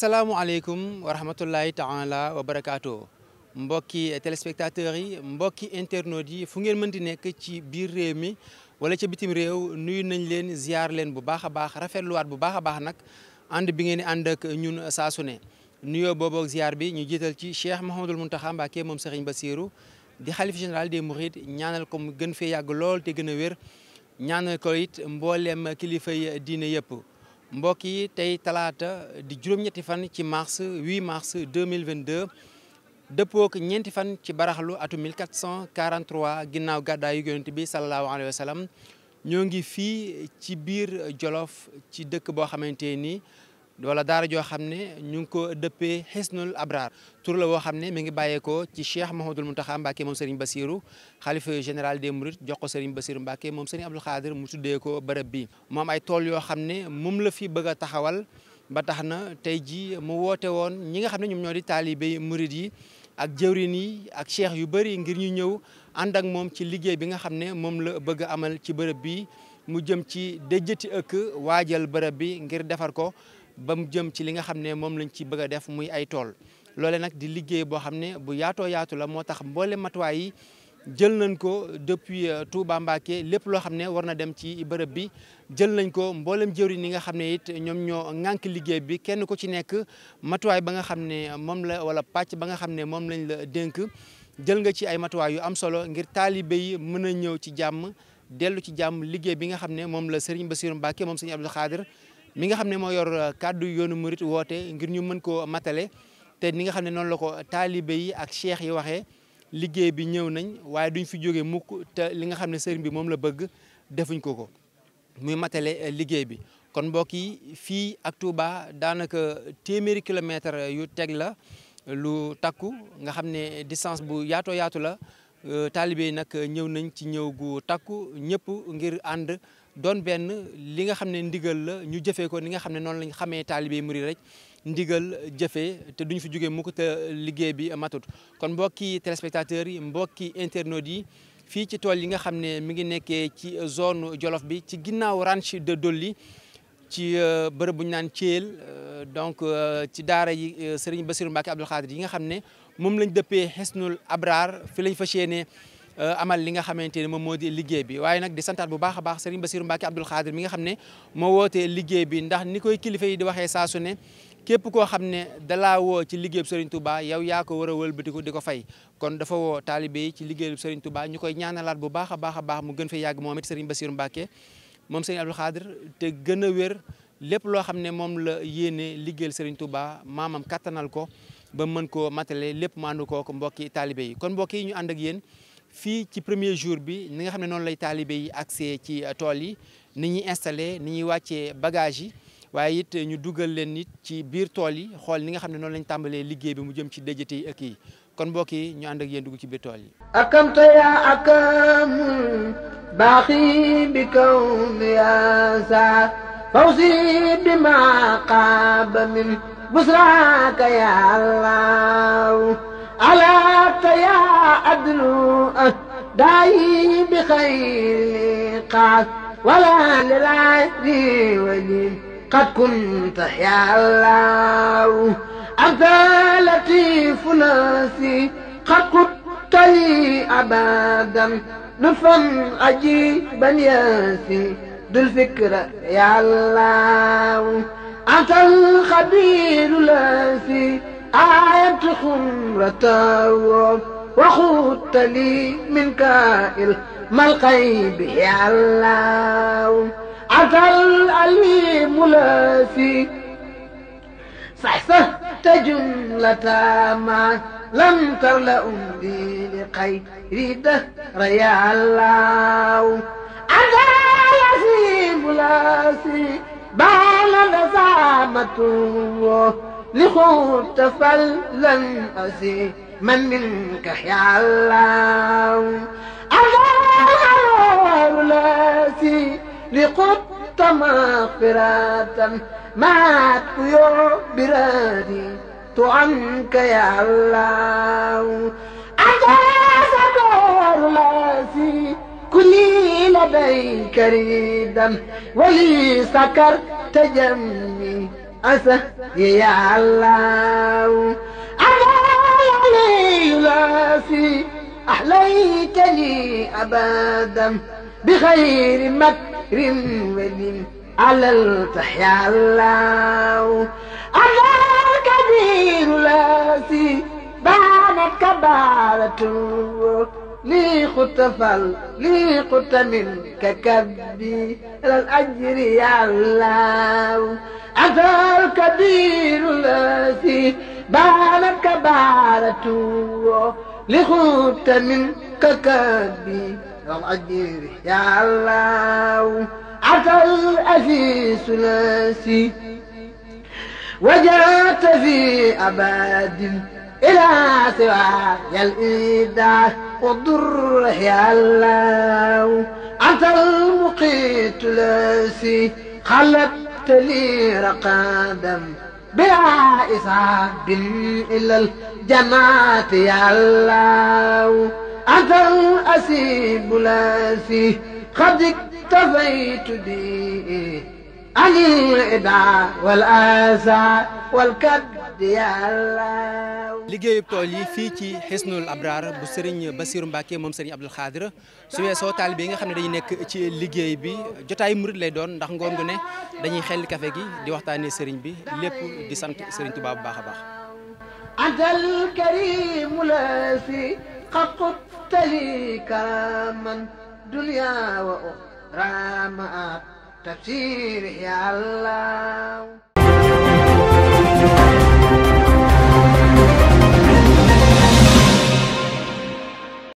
asalaamualeykum wa rahmatullahi taala wa barakaatu mbokki téléspectateurs yi mbokki internautes yi fu ngeen mën nekk ci biir réew mi wala ci bitim réew nuyu nañ leen ziar leen bu baax a baax rafetluwaat bu baax a baax nag ànd bi ngeen di ànd ak ñun saa ne nuyoo booboog ziar bi ñu jiital ci Cheikh Mouhamadul Mountakha Mbacké moom ba siiru di xalif général des Mourides ñaanal ko mu gën fee yàgg lool te gën a wér ñaanal ko it mbooleem kilifa yi yëpp. mbokk yi tey talaata di juróom-ñetti fan ci mars 8 mars 2022 dëppook ñeenti fan ci baraxlu atu 1443 ginnaaw gàddaayu yonent bi salallaahu alayhi wa sallam ñoo ngi fii ci biir Jolof ci dëkk boo xamante ni wala daara joo xam ne ñu ngi ko dëppee xisnul abraar tur la woo xam ne mi ngi bàyyeekoo ci cheikh mu Muntaxa Mbàkke moom Serigne Bassirou xalifa général des Mourides jox ko Serigne Bassirou Mbàkke moom Serigne Abdou Khadir mu tuddee ko bërëb bi moom ay tool yoo xam ne moom la fi bëgg taxawal ba tax na tey ji mu woote woon ñi nga xam ne ñoom ñoo di taalibe Mouride yi ak jëwrin yi ak cheikh yu bari ngir ñu ñëw ànd ak moom ci liggéey bi nga xam ne moom la bëgg amal ci bërëb bi mu jëm ci déjjati ëkk waajal bërëb bi ngir defar ko ba mu jëm ci li nga xam ne moom lañ ci bëgg a def muy ay tool loole nag di liggéey boo xam ne bu yaatoo yaatu la moo tax mboole matuwaay yi jël nañ ko depuis euh, Touba Mbacké lépp loo xam ne war na dem ci bërëb bi jël nañ ko mboolem jëwriñ yi nga xam ne it ñoom ñoo ŋànk liggéey bi kenn ku ci nekk matuwaay ba nga xam ne moom la wala pàcc ba nga xam ne moom lañ la dénk jël nga ci ay matuwaay yu am solo ngir taalibe yi mën a ñëw ci jàmm dellu ci jàmm liggéey bi nga xam ne moom la Serigne Bassirou Mbacké moom Serigne Abdou Khadir mi nga xam ne moo yor euh, kàddu yoonu murit woote ngir ñu mën koo matale te ni nga xam ne noonu la ko taalibe yi ak cheikh yi waxee liggéey bi ñëw nañ waaye duñ fi jóge mukk te li nga xam ne sëriñ bi moom la bëgg defuñ ko ko muy matele euh, liggéey bi kon mbokk yi fii ak Touba daanaka téeméeri kilomètre yu teg la lu takku nga xam ne distance bu yaatoo yaatu la euh, taalibe yi nag ñëw nañ ci ñëw gu takku ñëpp ngir ànd doon benn li nga xam ne ndigal la ñu jëfe ko ni nga xam ne noonu lañ xamee taalibe murid rek ndigal jëfee te duñu fi jógee mukk te liggéey bi matut kon mbokki téléspectateurs yi mbokki internautes yi fii ci tool yi nga xam ne mi ngi nekkee ci zone Jolof bi ci ginnaaw ranch de Dolly ci euh, bërëb bu ñu naan Thiel euh, donc euh, ci daara yi Serigne Bassirou Mbacké Abdoul Khadir yi nga xam ne moom lañ dëppee Hisnul Abrar fi lañ fas yéenee Euh, amal li nga xamante ne moom moo di liggéey bi waaye nag di santaat bu baax a baax Serigne Bassirou Mbacké Abdoul Khadir mi nga xam ne moo wootee liggéey bi ndax ni koy kilifa yi di waxee saa su ne képp koo xam ne dalaa woo ci liggéey liggéeyub Serigne Touba yow yaa ko war a wëlbatiku di ko fay kon dafa woo taalibe ci liggéey liggéeyub Serigne Touba ñu koy ñaanalaat bu baax a baax a baax mu gën fee yàgg moom it Serigne Bassirou Mbacké moom Serigne Abdoul Khadir te gën a wér lépp loo xam ne moom la yéene liggéeyal Serigne Touba maamam kattanal ko ba mën koo matale lépp mu ànd kooku mbokki taalibe yi kon mbokk yi ñu ànd ak yéen fii ci premier jour bi ni nga xam ne noonu lay taalibe yi accès ci euh, tool yi ni ñuy installé ni ñuy wàccee bagage yi waaye it ñu dugal leen nit ci biir tool yi xool ni nga xam ne noonu lañ tàmbalee liggéey bi mu jëm ci déjété yi ak yi kon mbokk yi ñu ànd ak yéen dugg ci biir tool yi akamta ya akam baaxi bi kawn ya sa fawsi bi ma qaaba min busraaka ya allah ألا يا أدنو داي بخير قعد ولا للعدي ولي قد كنت يا الله أنت لطيف ناسي قد كنت لي أبدا لطفا عجيبا ياسي ذو الفكرة يا الله أنت الخبير لاسي آية خمرته وخدت لي منك ما الغيب يا الله أتى الأليم لافي صحصحت جملة ما لم تملأ لي لخير دهر يا الله أتى الأليم لافي بان نسامته لخوت فلن أسي من منك يا الله الله لاسي لقط مغفرة معك يا برادي تعنك يا الله أجازك لاسي كلي لديك ريدا ولي سكرت جنبي أسه يا الله علي يلاسي أحليت لي أبدا بخير مكر ودين على التحيا الله أنا الكبير لاسي بانت كبارة لي خطفل لي قط منك كبي الأجر يا الله أتى الكبير الذي بارك بارته لخط منك كبي الأجر يا الله أتى الأسيس الذي وجاءت في أباد إلى سواك الإيداع والضر يا الله أنت المقيت لاسي خلقت لي رقادا بلا إصاب إلى الجنات يا الله أنت الأسيب لاسي قد اكتفيت به عن العداء والآسى والكد يا الله liggéeyub tool yi fii ci xisnul abraar bu Serigne Bassirou Mbacke moom Serigne Abdoul Khadre su weesoo taalibe nga xam ne dañu nekk ci liggéey bi jotaay murit lay doon ndax ngoon gu ne dañuy xel kafe gi di waxtaane sëriñ bi lépp di sant Serigne Touba bu baax a baax. tafsir ya Allah